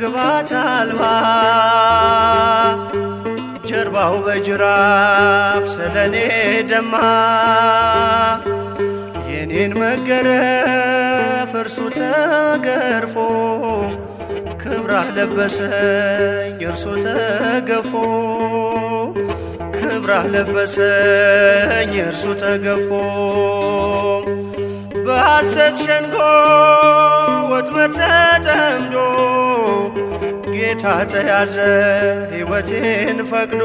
ግባት አልባ ጀርባው በጅራ ስለኔ ደማ የኔን መገረፍ እርሱ ተገርፎ ክብራህ ለበሰ እርሱ ተገፎ ክብራህ ለበሰ እርሱ ተገፎ በሐሰት ሸንጎ ወጥመድ ተጠምዶ ጌታ ተያዘ ሕይወቴን ፈቅዶ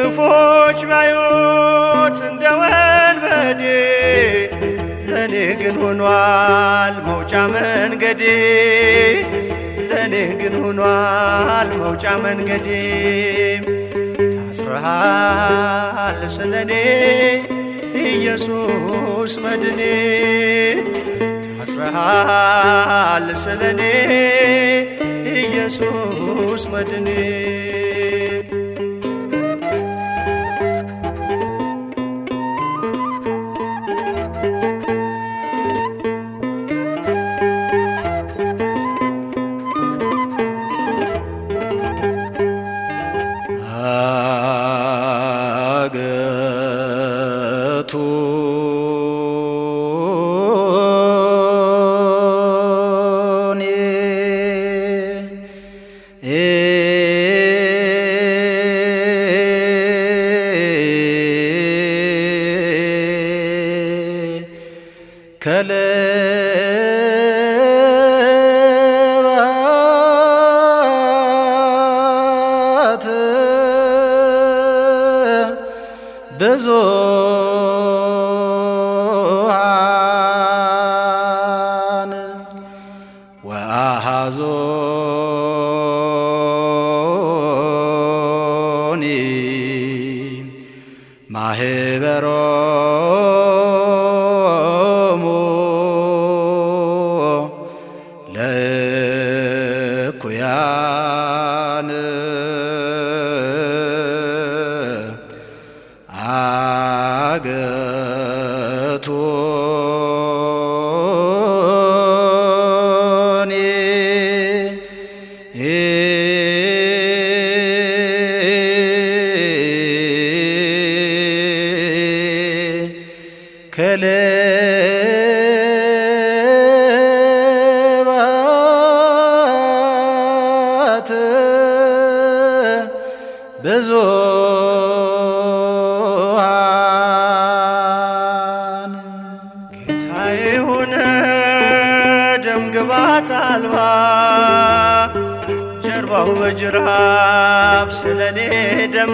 ክፎች ባዩት እንደ ወንበዴ ለእኔ ግን ሆኗል መውጫ መንገዴ ለእኔ ግን ሆኗል መውጫ መንገዴ ታስረሃል ስለኔ ኢየሱስ መድኔ ታስረሃል ስለኔ ኢየሱስ መድኔ Thank you.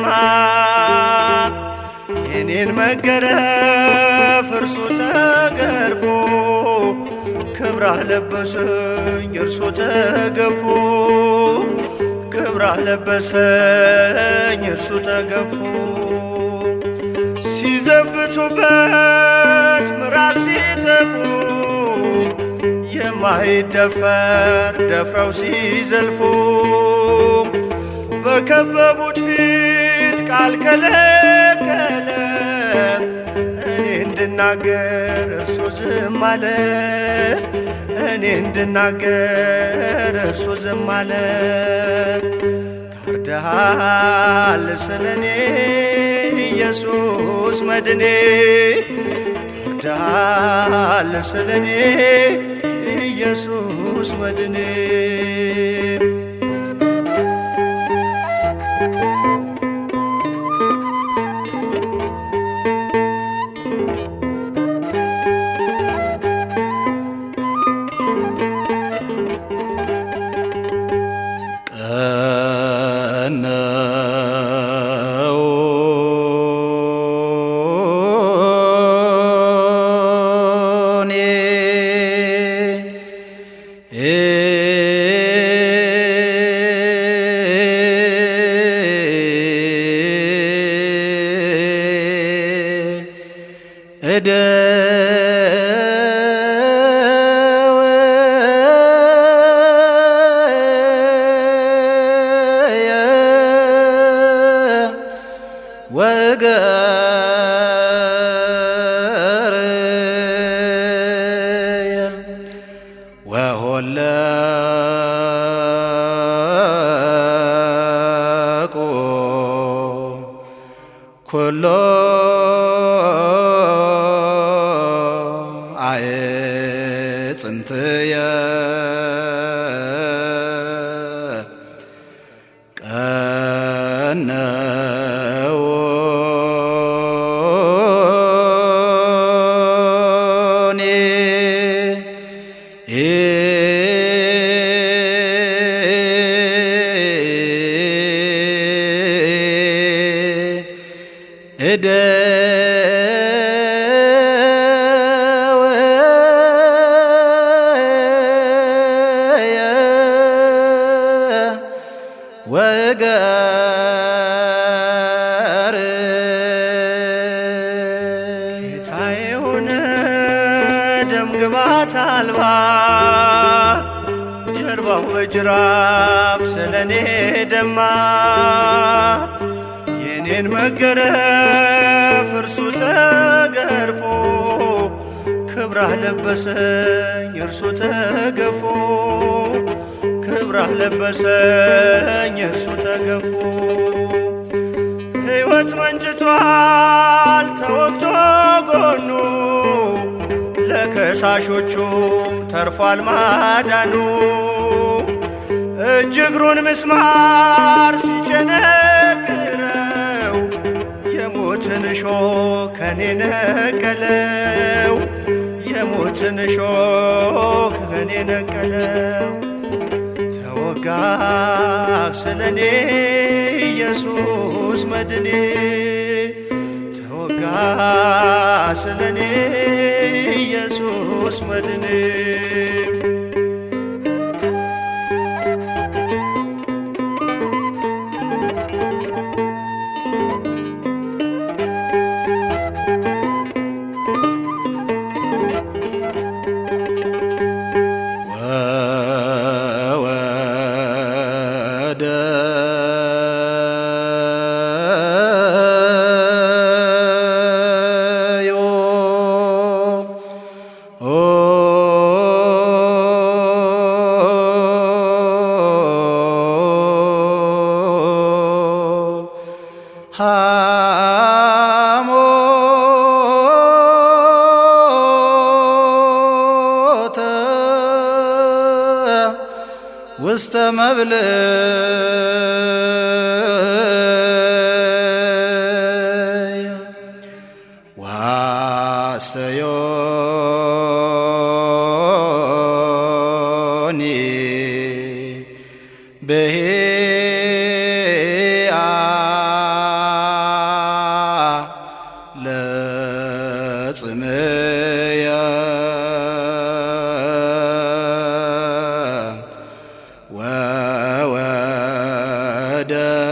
ይሰማል። የኔን መገረፍ እርሶ ተገርፎ ክብራህ ለበሰኝ እርሶ ተገፎ ክብራ ለበሰኝ እርሱ ተገፎ ሲዘብቱበት ምራቅ ሲተፉ የማይደፈር ደፍረው ሲዘልፉ በከበቡት ፊት ቃል ከለከለ እኔ እንድናገር እርሱ ዝም አለ። እኔ እንድናገር ዝም አለ። ታርደሃል ስለኔ ኢየሱስ መድኔ ታርደሃል ስለኔ ኢየሱስ መድኔ ل ጌታዬ ሆነ ደም ግባት አልባ ጀርባው በጅራፍ ስለኔ ደማ የኔን መገረፍ እርሱ ተገርፎ ክብራህ ለበሰኝ እርሱ ተገፎ ክብራህ ለበሰኝ እርሱ ተገፎ ሕይወት መንጭቷል ተወግቶ ጎኑ ለከሳሾቹም ተርፏል ማዳኑ እጅ እግሩን ምስማር ሲጨነግረው የሞትን እሾህ ከኔ ነቀለው የሞትን እሾህ ከኔ ነቀለው ተወጋ ስለኔ ኢየሱስ መድኔ ተወጋ ስለኔ ኢየሱስ መድኔ هاموت وست مبلغ واداً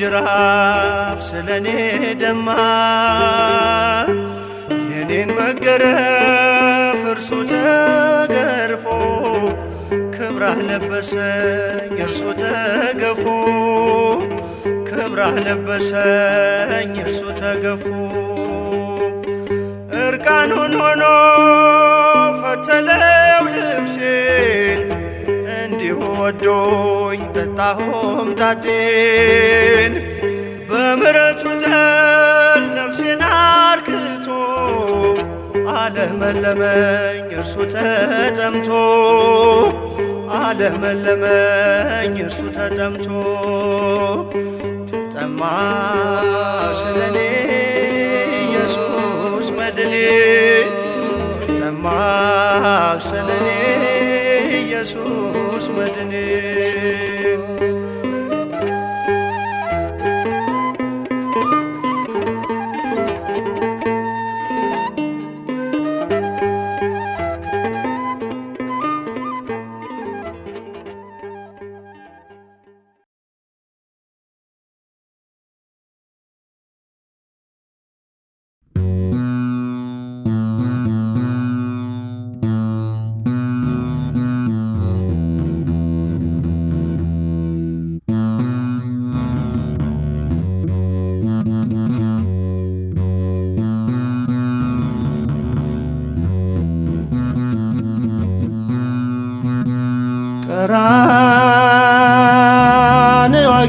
ጅራፍ ስለኔ ደማ የኔን መገረፍ እርሱ ተገርፎ ክብራህ ለበሰኝ እርሱ ተገፎ ክብራህ ለበሰኝ እርሱ ተገፎ እርቃኑን ሆኖ ፈተለው ልብሴን ወዶኝ ጠጣሁም ጣጤን በምረቱ ጠል ነፍሴን አርክቶ አለህ መለመኝ እርሱ ተጠምቶ አለህ እርሱ ተጠምቶ ተጠማ ስለኔ ኢየሱስ መድኔ ተጠማ ስለኔ ኢየሱስ መድኔ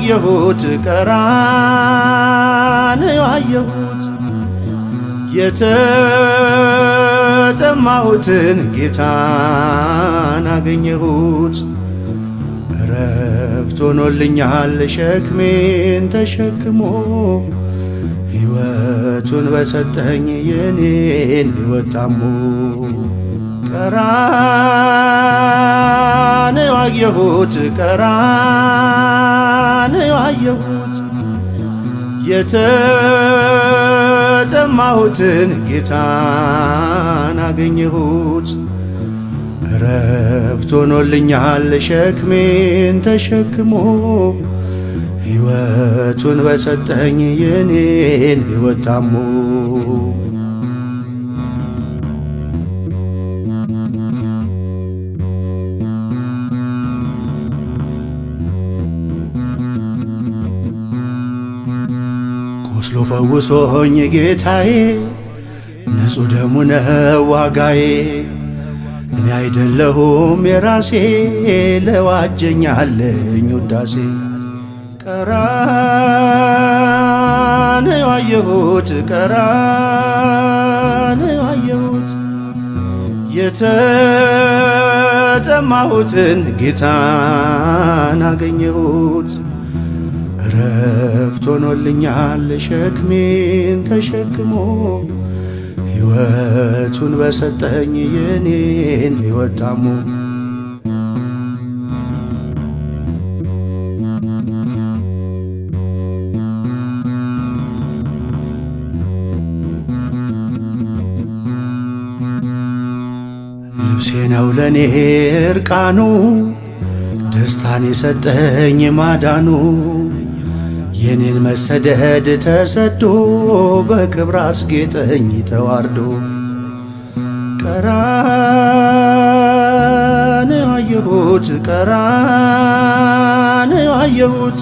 አየሁት ቀራንዮ አየሁት የተጠማሁትን ጌታን አገኘሁት። ረፍት ሆኖልኛል ሸክሜን ተሸክሞ ሕይወቱን በሰጠኝ የኔን ሕይወት ታሞ ቀራንዮ አየሁት ቀራንዮ አየሁት የተጠማሁትን ጌታን አገኘሁት። ረፍት ሆኖልኛል ሸክሜን ተሸክሞ ሕይወቱን በሰጠኝ የኔን ሕይወት ታሞ ፈውሶኝ ጌታዬ ንጹሕ ደሙ ነው ዋጋዬ። እኔ አይደለሁም የራሴ ለዋጀኛለኝ ውዳሴ ቀራንዮ አየሁት ቀራንዮ አየሁት የተጠማሁትን ጌታን አገኘሁት። እረፍት ሆኖልኛል ሸክሜን ተሸክሞ ሕይወቱን በሰጠኝ የኔን ሕይወት ታሞ ልብሴ ነው ለእኔ እርቃኑ ደስታን የሰጠኝ ማዳኑ የኔን መሰደድ ተሰዶ በክብር አስጌጠኝ ተዋርዶ ቀራን አየሁት ቀራን አየሁት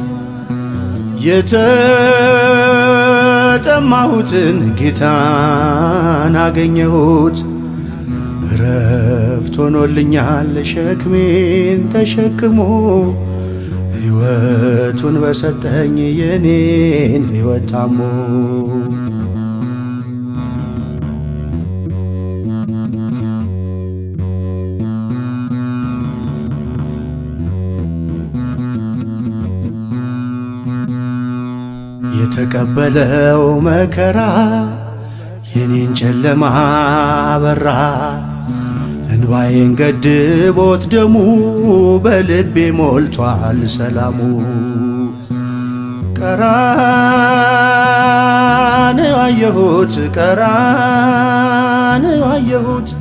የተጠማሁትን ጌታን አገኘሁት። ረፍት ሆኖልኛል ሸክሜን ተሸክሞ ሕይወቱን በሰጠኝ የኔን ሕይወት ታሞ የተቀበለው መከራ የኔን ጨለማ አበራ እንባዬን ገድቦት ደሙ በልቤ ሞልቷል ሰላሙ ቀራንዮ አየሁት ቀራንዮ አየሁት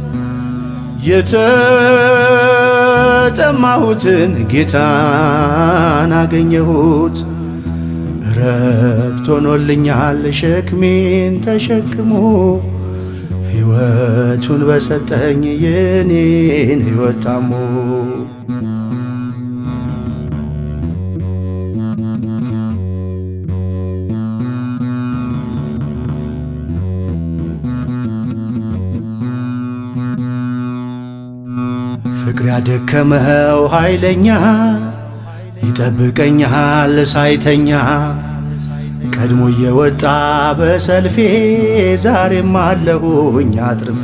የተጠማሁትን ጌታን አገኘሁት። ረብቶኖልኛል ሸክሜን ተሸክሞ ሕይወቱን በሰጠኝ የኔን ሕይወት ታሞ ፍቅር ያደከመው ኃይለኛ ይጠብቀኛል ሳይተኛ ቀድሞ እየወጣ በሰልፌ ዛሬም አለሁኝ አትርፌ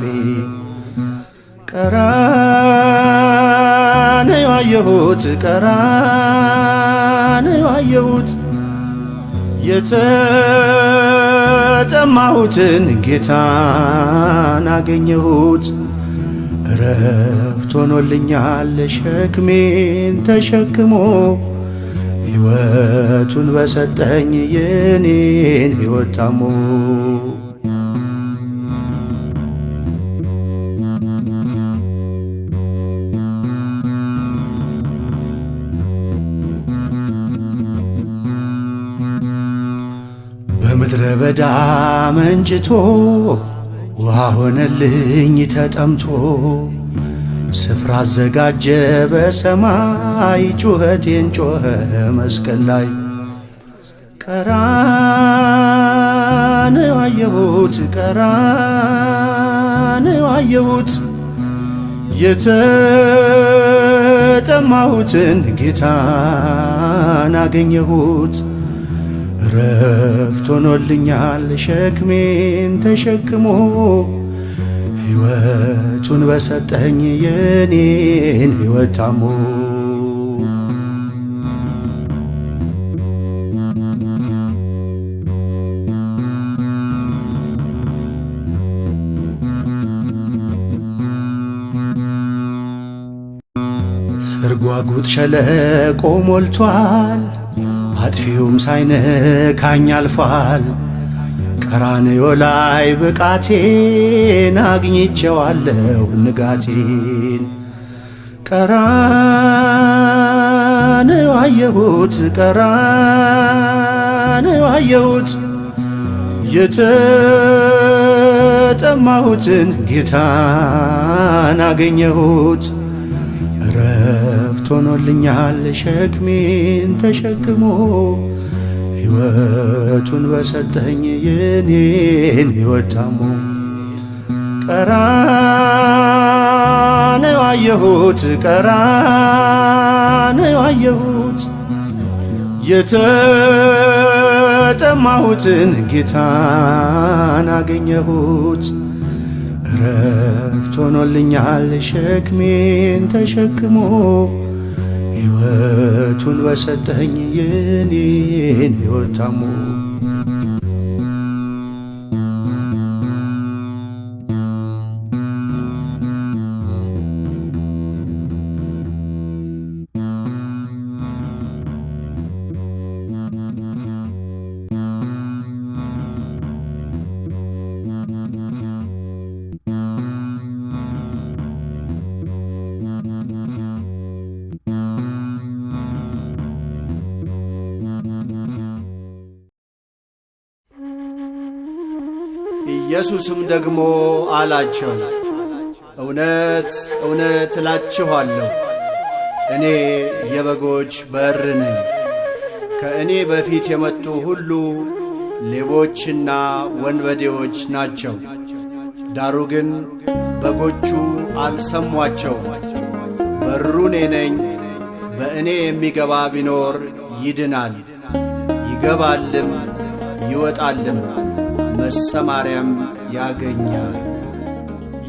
ቀራንዮ አየሁት ቀራንዮ አየሁት የተጠማሁትን ጌታን አገኘሁት። እረፍት ሆኖልኛል ሸክሜን ተሸክሞ ሕይወቱን በሰጠኝ የኔን ሕይወት ታሞ በምድረ በዳ መንጭቶ ውሃ ሆነልኝ ተጠምቶ ስፍራ አዘጋጀ በሰማይ ጩኸቴን ጮኸ መስቀል ላይ ቀራንዮ አየሁት ቀራንዮ አየሁት የተጠማሁትን ጌታን አገኘሁት። ረፍት ሆኖልኛል ሸክሜን ተሸክሞ ሕይወቱን በሰጠኝ የኔን ሕይወት ታሞ ስርጓጉጥ ሸለቆ ሞልቷል፣ አጥፊውም ሳይነካኝ አልፏል። ቀራንዮ ላይ ብቃቴን አግኝቼዋለሁ ንጋቴን ቀራንዮ አየሁት ቀራንዮ አየሁት የተጠማሁትን ጌታን አገኘሁት። ረፍት ሆኖልኛል ሸክሜን ተሸክሞ ሕይወቱን በሰጠኝ የኔን ሕይወት ታሞ ቀራንዮ አየሁት ቀራንዮ አየሁት የተጠማሁትን ጌታን አገኘሁት። ረፍት ሆኖልኛል ሸክሜን ተሸክሞ ሕይወቱን በሰጠኝ የኔን ሕይወት ታሞ ኢየሱስም ደግሞ አላቸው፣ እውነት እውነት እላችኋለሁ እኔ የበጎች በር ነኝ። ከእኔ በፊት የመጡ ሁሉ ሌቦችና ወንበዴዎች ናቸው፣ ዳሩ ግን በጎቹ አልሰሟቸው በሩ እኔ ነኝ። በእኔ የሚገባ ቢኖር ይድናል፣ ይገባልም ይወጣልም መሰማሪያም ያገኛል።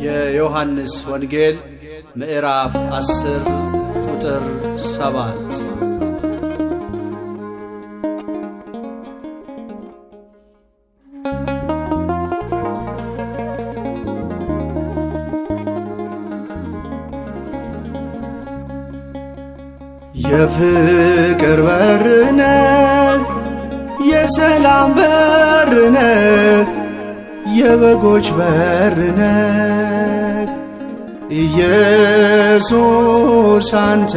የዮሐንስ ወንጌል ምዕራፍ 10 ቁጥር 7 የፍቅር በርነት የሰላም በርነ የበጎች በርነ ኢየሱስ አንተ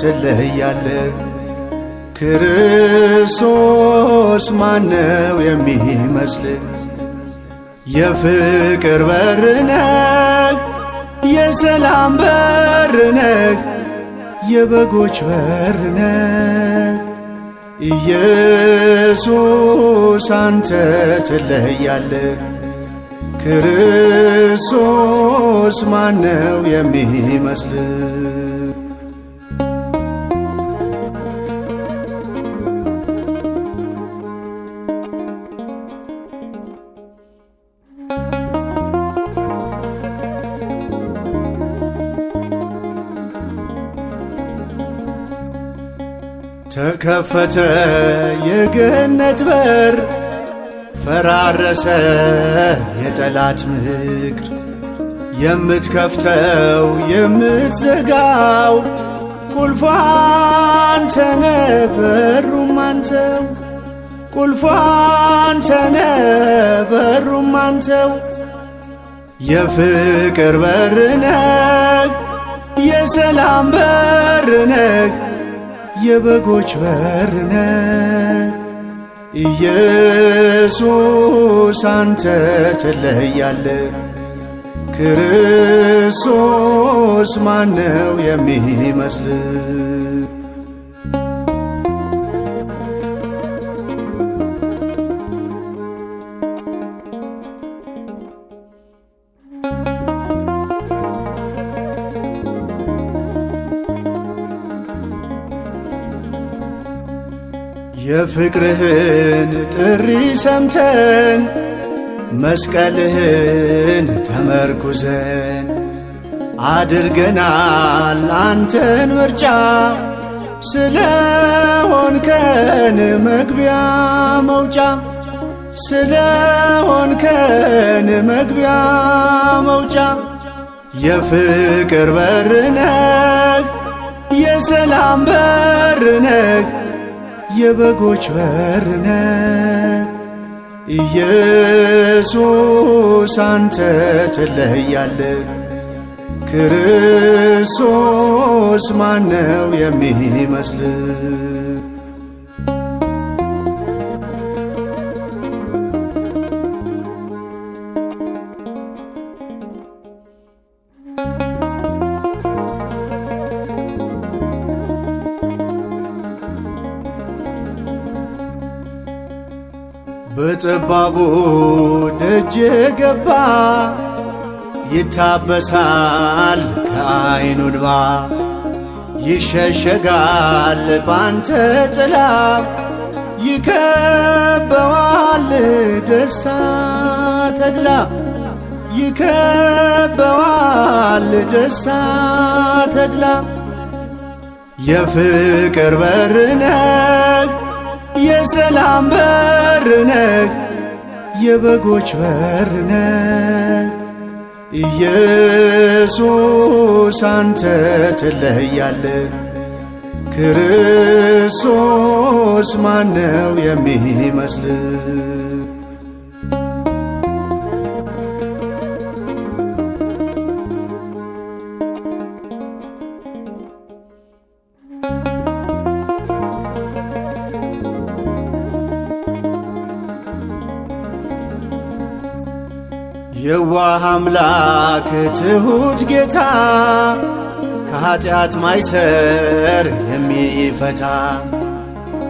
ትለያለህ ክርስቶስ ማነው የሚመስልህ? የፍቅር በርነ የሰላም በርነህ የበጎች በርነህ ኢየሱስ አንተ ትለያለ ክርስቶስ ማነው የሚመስልህ? ተከፈተ የገነት በር፣ ፈራረሰ የጠላት ምክር። የምትከፍተው የምትዘጋው ቁልፏ አንተ ነህ በሩም አንተው፣ ቁልፏ አንተ አንተው። የፍቅር በር የሰላም በር የበጎች በርነ ኢየሱስ አንተ ትለያለ ክርስቶስ ማነው የሚመስልህ? የፍቅርህን ጥሪ ሰምተን መስቀልህን ተመርኩዘን አድርገናል አንተን ምርጫ ስለሆንከን መግቢያ መውጫ ስለሆንከን መግቢያ መውጫ የፍቅር በርነህ የሰላም በርነህ የበጎች በርነ ኢየሱስ አንተ ትለያለ ክርስቶስ ማነው የሚመስልህ? ጠባቡ ደጅ ገባ ይታበሳል ከአይኑ እንባ ይሸሸጋል ባንተ ጥላ ይከበዋል ደስታ ተድላ ይከበዋል ደስታ ተድላ የፍቅር በርነህ የሰላም በር ነህ፣ የበጎች በር ነህ። ኢየሱስ አንተ ትለያለህ። ክርስቶስ ማነው የሚመስልህ? የዋህ አምላክ ትሁት ጌታ ከኀጢአት ማይሰር የሚፈታ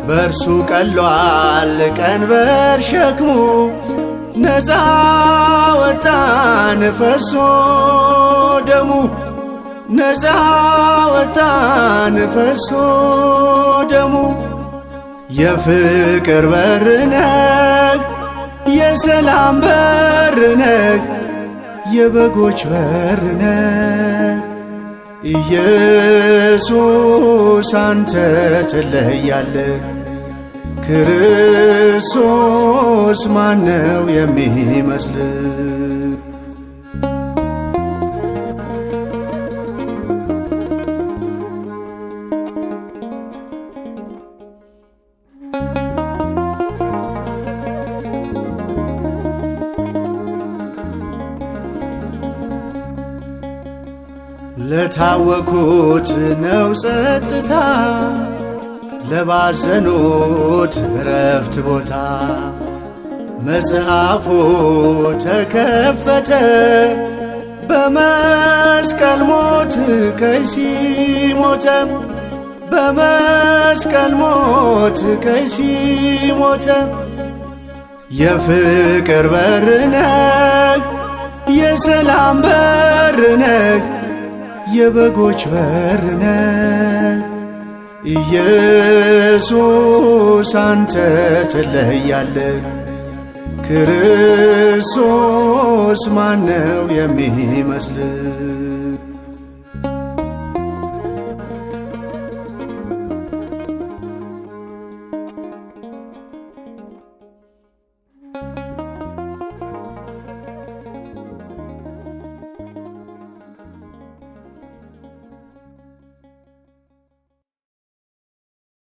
በእርሱ ቀሏል ቀንበር ሸክሙ ነፃ ወጣን ፈርሶ ደሙ ነፃ ወጣን ፈርሶ ደሙ የፍቅር በርነ የሰላም በርነ የበጎች በርነ ኢየሱስ አንተ ትለያለህ ክርስቶስ ማነው የሚመስልህ? ለታወኩት ነው ጸጥታ ለባዘኑት ረፍት ቦታ መጽሐፉ ተከፈተ በመስቀል ሞት ከይሲ ሞተ በመስቀል ሞት ከይሲ ሞተ የፍቅር በር የሰላም በር የበጎች በርነ ኢየሱስ አንተ ትለያለ ክርስቶስ ማነው የሚመስልህ?